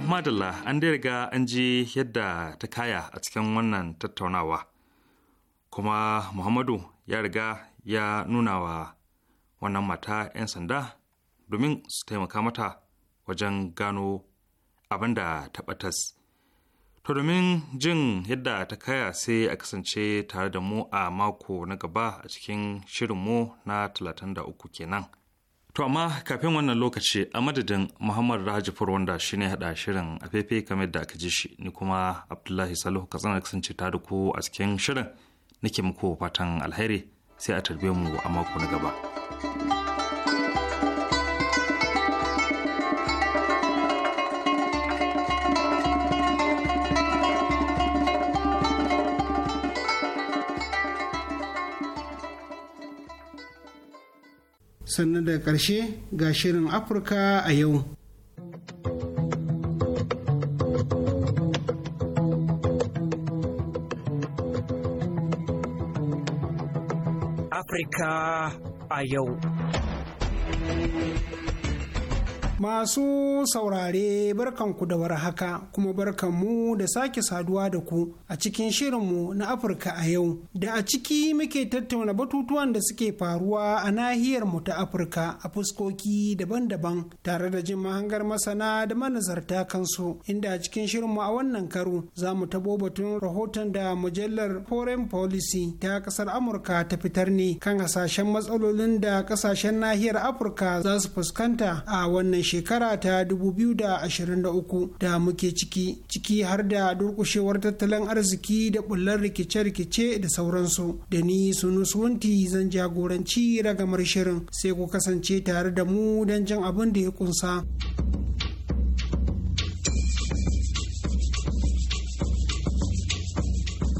madalla an dai riga an ji yadda ta kaya a cikin wannan tattaunawa. Kuma Muhammadu ya riga ya nuna wa wannan mata 'yan sanda domin su taimaka mata wajen gano abin da ta ɓatas. To domin jin yadda ta kaya sai a kasance tare da mu a mako na gaba a cikin shirinmu na 33 kenan. To amma kafin wannan lokaci a madadin Muhammad Rajifur wanda shi ne haɗa shirin a fefe kamar da aka ji shi ni kuma Abdullahi Salihu Katsina kasance ta da ku a cikin shirin nake muku fatan alheri sai a tarbe mu a mako na gaba. sannan daga ƙarshe ga shirin afirka a yau afirka a yau Masu saurare barkanku da war haka kuma barkanmu da sake saduwa da ku a cikin shirin mu na Afirka a yau da a ciki muke tattauna batutuwan da suke faruwa a nahiyar mu ta Afirka a fuskoki daban-daban tare da jin mahangar masana da manazarta kansu inda a cikin mu a wannan karo za mu tabo batun rahoton da mujallar Foreign Policy ta kasar Amurka ta fitar ne kan hasashen matsalolin da kasashen nahiyar Afirka za su fuskanta a wannan shekara ta 2023 da muke ciki ciki har da durkushewar tattalin arziki da bullar rikice-rikice da sauransu da ni sunusunti zan jagoranci ragamar shirin sai ku kasance tare da mu don jin abin da ya kunsa.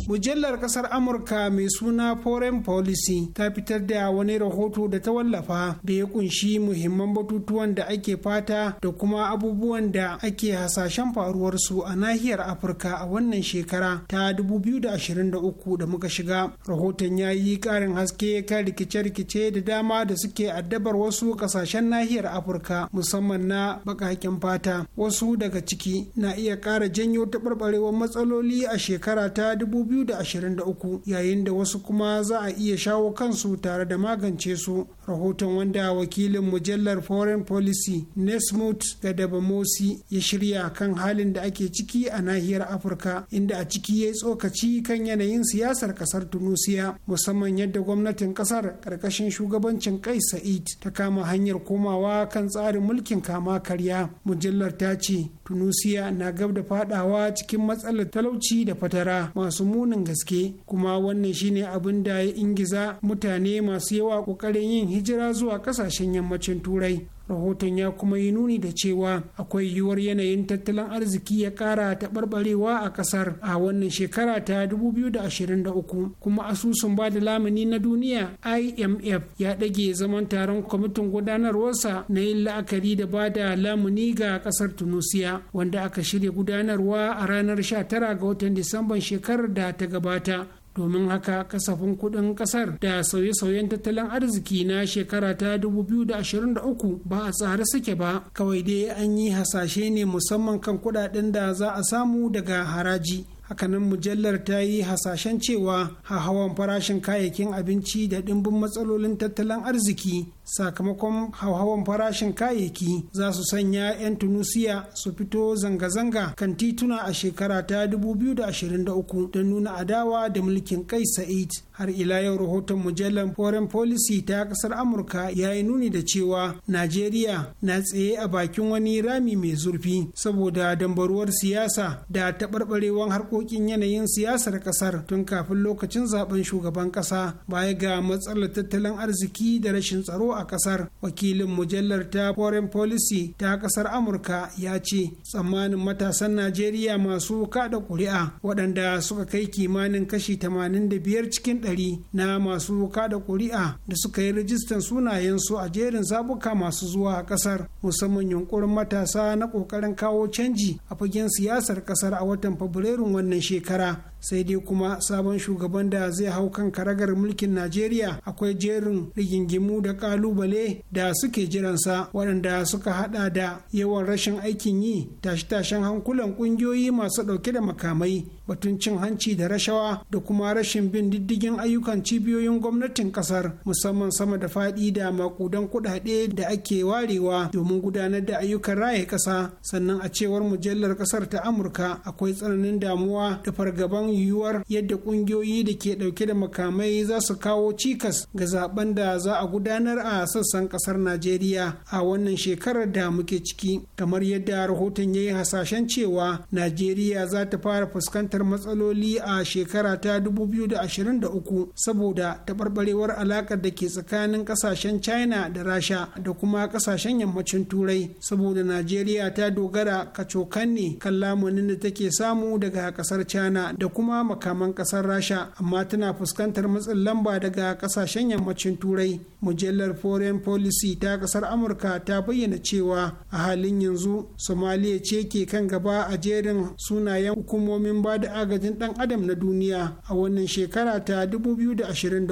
mujallar kasar amurka mai suna foreign policy ta fitar da wani rahoto da ta wallafa da ya kunshi muhimman batutuwan da ake fata da kuma abubuwan da ake hasashen faruwarsu a nahiyar afirka a wannan shekara ta 2023 da muka shiga rahoton ya yi karin haske kan rikice-rikice da dama da suke addabar wasu ƙasashen nahiyar afirka musamman na bakaken fata wasu daga ciki na iya ƙara janyo taɓarɓarewar matsaloli a shekara ta 2023 2023 yayin da wasu kuma za a iya shawo kansu tare da magance su rahoton wanda wakilin mujallar foreign policy nesmut gadabamosi ya shirya kan halin da ake ciki a nahiyar afirka inda a ciki ya tsokaci kan yanayin siyasar kasar tunusiya musamman yadda gwamnatin kasar karkashin shugabancin kai sa'id ta kama hanyar komawa kan tsarin mulkin kama karya mujallar ta ce tunusiya na gab da fadawa cikin matsalar talauci da fatara masu munin gaske kuma wannan shine abin da ya ingiza mutane masu yawa kokarin yin hijira zuwa kasashen yammacin turai rahoton ya kuma yi nuni da cewa akwai yiwuwar yanayin tattalin arziki ya kara taɓarɓarewa a ƙasar a wannan shekara ta 2023 kuma asusun ba da lamuni na duniya imf ya ɗage zaman taron kwamitin gudanarwarsa na yin la'akari da ba da lamuni ga ƙasar tunisia wanda aka shirya gudanarwa a ranar 19 ga watan disamban shekarar da ta gabata domin haka kasafin kuɗin ƙasar da sauye-sauyen tattalin arziki na shekara ta 2023 ba a tsare suke ba kawai dai an yi hasashe ne musamman kan kuɗaɗen da za a samu daga haraji hakanan mujallar ta yi hasashen cewa hawan farashin kayayyakin abinci da ɗimbin matsalolin tattalin arziki sakamakon hauhawan farashin kayayyaki za su sanya 'yan tunisia su fito zanga-zanga kan tituna a shekara ta 2023 don nuna adawa da mulkin kai sa'id har ila yau rahoton mujallar foreign policy ta kasar amurka ya yi nuni da cewa najeriya na tsaye a bakin wani rami mai zurfi saboda dambaruwar siyasa da taɓarɓarewar harkokin yanayin siyasar kasar tun kafin lokacin zaben shugaban kasa baya ga matsalar tattalin arziki da rashin tsaro a kasar wakilin mujallar ta foreign policy ta kasar amurka ya ce tsammanin matasan najeriya masu kaɗa ƙuri'a waɗanda suka kai kimanin kashi 85 cikin ɗari na masu da ƙuri'a da suka yi rajistan sunayensu a jerin zabuka masu zuwa a ƙasar musamman yunkurin matasa na ƙoƙarin kawo canji a fagen siyasar ƙasar a watan fabrairun wannan shekara sai dai kuma sabon shugaban da zai hau kan karagar mulkin najeriya akwai jerin rigingimu da kalubale da suke jiransa waɗanda suka hada da yawan rashin aikin yi tashe-tashen hankulan ƙungiyoyi masu ɗauke da makamai batun cin hanci da rashawa da kuma rashin bin diddigin ayyukan cibiyoyin gwamnatin ƙasar musamman sama da faɗi da makudan kuɗaɗe da ake warewa domin gudanar da ayyukan raye ƙasa sannan a cewar mujallar ƙasar ta amurka akwai tsananin damuwa da fargaban kallon yiwuwar yadda kungiyoyi da ke dauke da makamai za su kawo cikas ga zaben da za a gudanar a sassan kasar najeriya a wannan shekarar da muke ciki kamar yadda rahoton ya yi hasashen cewa najeriya za ta fara fuskantar matsaloli a shekara ta 2023 saboda taɓarɓarewar alaƙar da ke tsakanin ƙasashen china da rasha da kuma ƙasashen yammacin turai saboda najeriya ta dogara kacokan ne kan lamunin da take samu daga ƙasar china da kuma makaman kasar rasha amma tana fuskantar matsin lamba daga kasashen yammacin turai mujallar foreign policy ta kasar amurka ta bayyana cewa a halin yanzu somaliya ce ke kan gaba a jerin sunayen hukumomin ba da agajin dan adam na duniya a wannan shekara ta 2023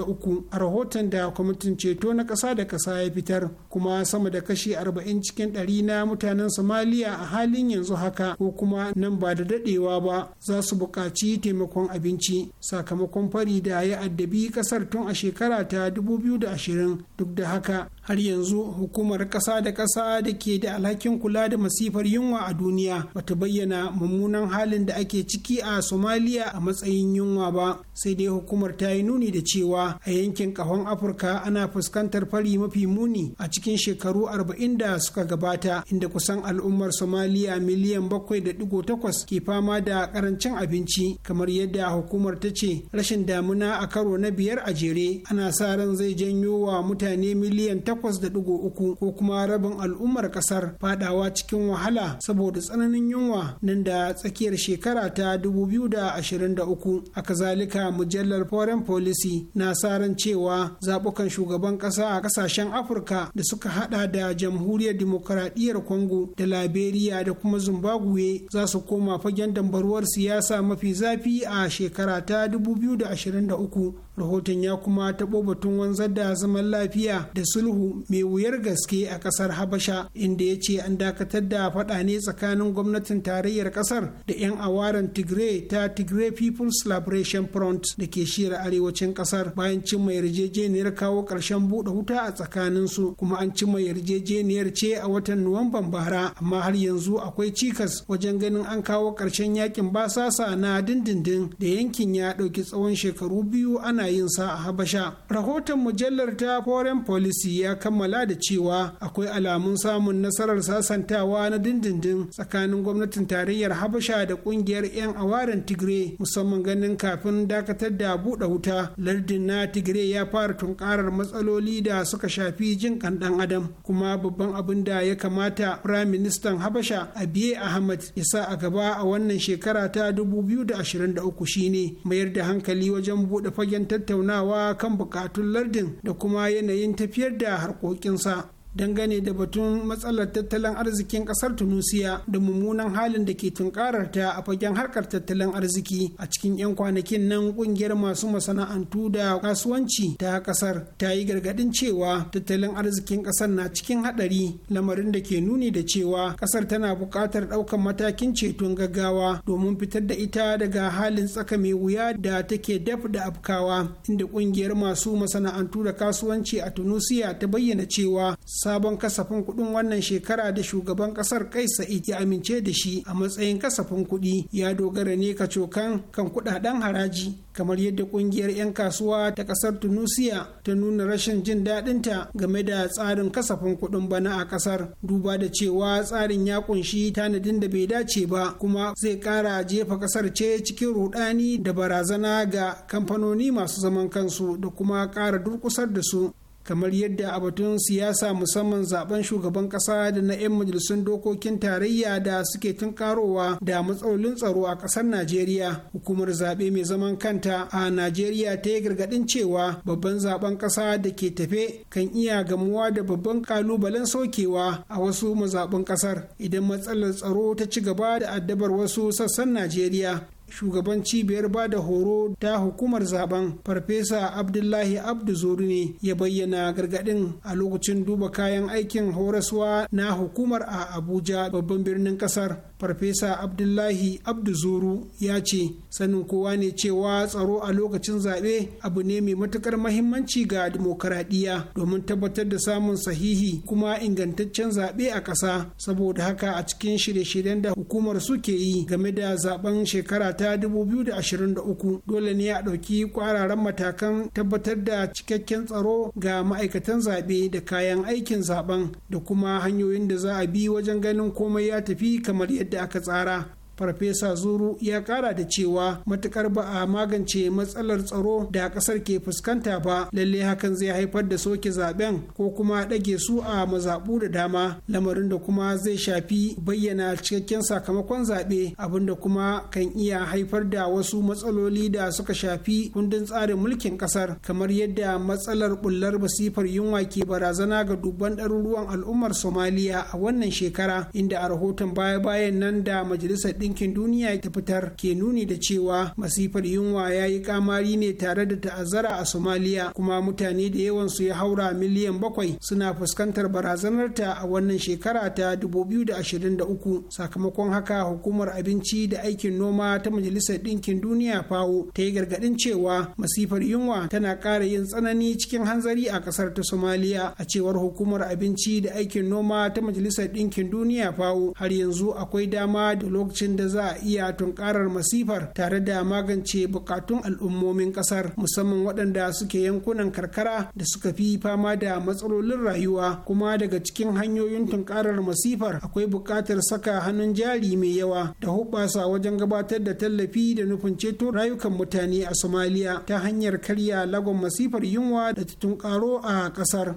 a rahoton da kwamitin ceto na kasa da kasa ya fitar kuma sama da kashi 40 cikin 100 na mutanen somaliya a halin yanzu haka ko kuma nan ba da dadewa ba za su buƙaci taimakon abinci sakamakon fari da ya addabi kasar tun a shekara ta 2020 duk da haka har yanzu hukumar ƙasa da ƙasa da ke da alhakin kula da masifar yunwa a duniya bata bayyana mummunan halin da ake ciki a somaliya a matsayin yunwa ba sai dai hukumar ta yi nuni da cewa a yankin ƙahon afirka ana fuskantar fari mafi muni a cikin shekaru arba'in da suka gabata inda kusan al'ummar somaliya miliyan bakwai da digo takwas ke fama da karancin abinci kamar yadda hukumar ta ce rashin damuna a karo na biyar a jere ana sa ran zai janyo wa mutane miliyan takwas takwas da uku ko kuma rabin al'ummar ƙasar fadawa cikin wahala saboda tsananin yunwa nan da tsakiyar shekara ta 2023 a kazalika mujallar foreign policy na saran cewa zaɓukan shugaban ƙasa a ƙasashen afirka da suka haɗa da jamhuriyar dimokuraɗiyyar congo da liberia da kuma zimbabwe za su koma fagen dambaruwar siyasa mafi zafi a shekara ta 2023 rahoton ya kuma taɓo batun wanzar da zaman lafiya da sulhu mai wuyar gaske a ƙasar habasha inda ya ce an dakatar da faɗa ne tsakanin gwamnatin tarayyar ƙasar da 'yan awaren tigray ta tigray people's liberation front da ke shira arewacin ƙasar bayan cimma yarjejeniyar kawo ƙarshen buɗe wuta a tsakanin su kuma an cimma yarjejeniyar ce a watan nuwamban bara amma har yanzu akwai cikas wajen ganin an kawo ƙarshen yakin basasa na dindindin da yankin ya ɗauki tsawon shekaru biyu ana yin sa a habasha rahoton mujallar ta foreign policy ya kammala da cewa akwai alamun samun nasarar sasantawa na dindindin tsakanin gwamnatin tarayyar habasha da kungiyar 'yan awarin tigray musamman ganin kafin dakatar da buɗe wuta lardin na tigray ya fara tunkarar matsaloli da suka shafi jin kan dan adam kuma babban abin da ya kamata prime ministan habasha abiye ahmad ya sa a gaba a wannan shekara ta 2023 shine mayar da hankali wajen buɗe fagen tattaunawa kan bukatun lardin da kuma yanayin tafiyar da harkokinsa dangane da batun matsalar tattalin arzikin kasar tunisia da mummunan halin da ke tunƙarar ta a fagen harkar tattalin arziki a cikin 'yan kwanakin nan kungiyar masu masana'antu da kasuwanci ta kasar ta yi gargadin cewa tattalin arzikin kasar na cikin hadari lamarin da ke nuni da cewa kasar tana buƙatar ɗaukar matakin ceton gaggawa domin fitar da ita daga halin tsaka mai wuya da take daf da afkawa inda kungiyar masu masana'antu da kasuwanci a tunisia ta bayyana cewa sabon kasafin kuɗin wannan shekara da shugaban ƙasar kai sa'id ya amince da shi a matsayin kasafin kuɗi ya dogara ne kacokan kan kuɗaɗen haraji kamar yadda ƙungiyar 'yan kasuwa ta ƙasar tunusiya ta nuna rashin jin daɗinta game da tsarin kasafin kuɗin bana a ƙasar duba da cewa tsarin ya ƙunshi tanadin da bai dace ba kuma zai ƙara jefa ƙasar ce cikin ruɗani da barazana ga kamfanoni masu zaman kansu da kuma ƙara durƙusar da su kamar yadda a batun siyasa musamman zaben shugaban kasa da na 'yan majalisun dokokin tarayya da suke tunkarowa da matsalolin tsaro a kasar najeriya hukumar zaɓe mai zaman kanta a najeriya ta yi gargaɗin cewa babban zaben kasa da ke tafe kan iya gamuwa da babban kalubalen saukewa a wasu mazaɓin kasar idan matsalar tsaro ta ci gaba da addabar wasu sassan najeriya shugaban cibiyar ba da horo ta hukumar zaben farfesa abdullahi abdu ne ya bayyana gargadin a lokacin duba kayan aikin horaswa na hukumar a abuja babban birnin kasar farfesa abdullahi abduzuru ya ce sanin kowa ne cewa tsaro a lokacin zaɓe abu ne mai matukar mahimmanci ga dimokuraɗiyya domin tabbatar da samun sahihi kuma ingantaccen zaɓe a ƙasa saboda haka a cikin shirye-shiryen da hukumar suke yi game da zaben shekara ta 2023 dole ne a ɗauki kwararan matakan tabbatar da cikakken tsaro ga ma'aikatan zaɓe da kayan aikin zaben da kuma hanyoyin da za a bi wajen ganin komai ya tafi kamar yadda yadda aka tsara farfesa zuru ya kara da cewa matukar ba a magance matsalar tsaro da kasar ke fuskanta ba lalle hakan zai haifar da soke zaben ko kuma ɗage su a mazaɓu da dama lamarin da kuma zai shafi bayyana cikakken sakamakon zaɓe abinda kuma kan iya haifar da wasu matsaloli da suka shafi kundin tsarin mulkin kasar kamar yadda matsalar bullar masifar yunwa ke barazana ga dubban ɗaruruwan al'ummar somaliya a wannan shekara inda a rahoton baya-bayan nan da majalisar dinkin duniya ta fitar ke nuni da cewa masifar yunwa ya yi kamari ne tare da ta'azzara a somaliya kuma mutane da yawan su ya haura miliyan bakwai suna fuskantar barazanarta a wannan shekara ta 2023 sakamakon haka hukumar abinci da aikin noma ta majalisar ɗinkin duniya fawo ta yi gargaɗin cewa masifar yunwa tana ƙara yin tsanani cikin hanzari a ƙasar ta somaliya a cewar hukumar abinci da aikin noma ta majalisar ɗinkin duniya fawo har yanzu akwai dama da lokacin yadda za a iya tunkarar masifar tare da magance bukatun al'ummomin kasar musamman waɗanda suke yankunan karkara da suka fi fama da matsalolin rayuwa kuma daga cikin hanyoyin tunkarar masifar akwai buƙatar saka hannun jari mai yawa da hubbasa wajen gabatar da tallafi da nufin ceto rayukan mutane a somaliya ta hanyar karya lagon masifar yunwa da ta tunkaro a ƙasar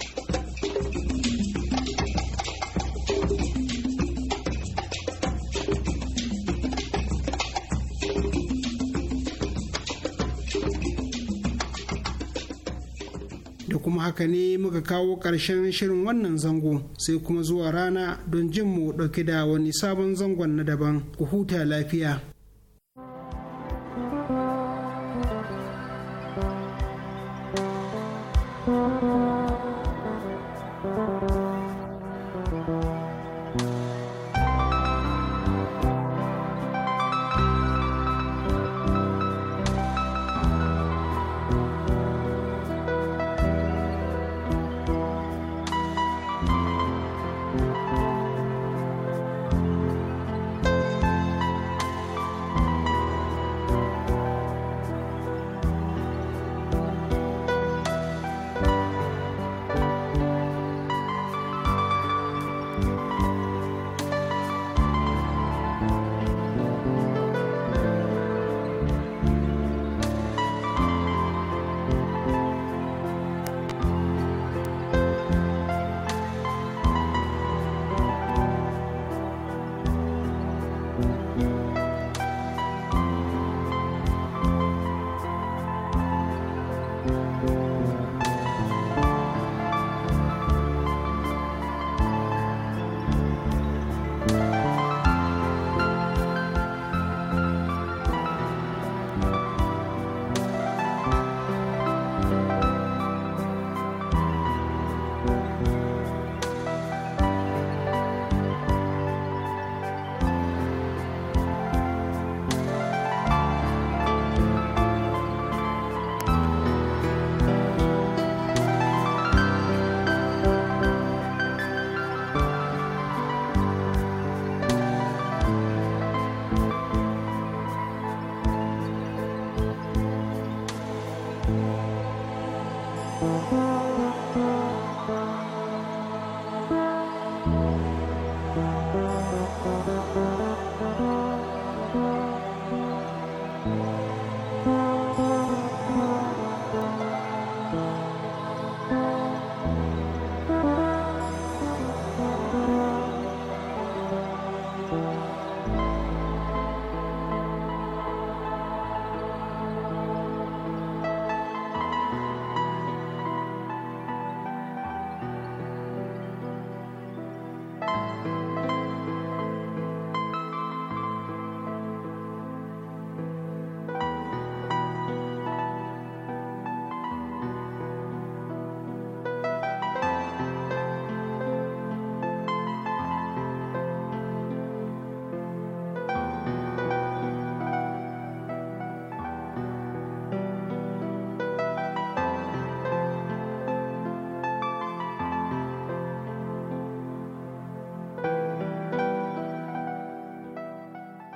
kuma haka ne muka kawo ƙarshen shirin wannan zango sai kuma zuwa rana don jin mu ɗauke da wani sabon zangon na daban ku huta lafiya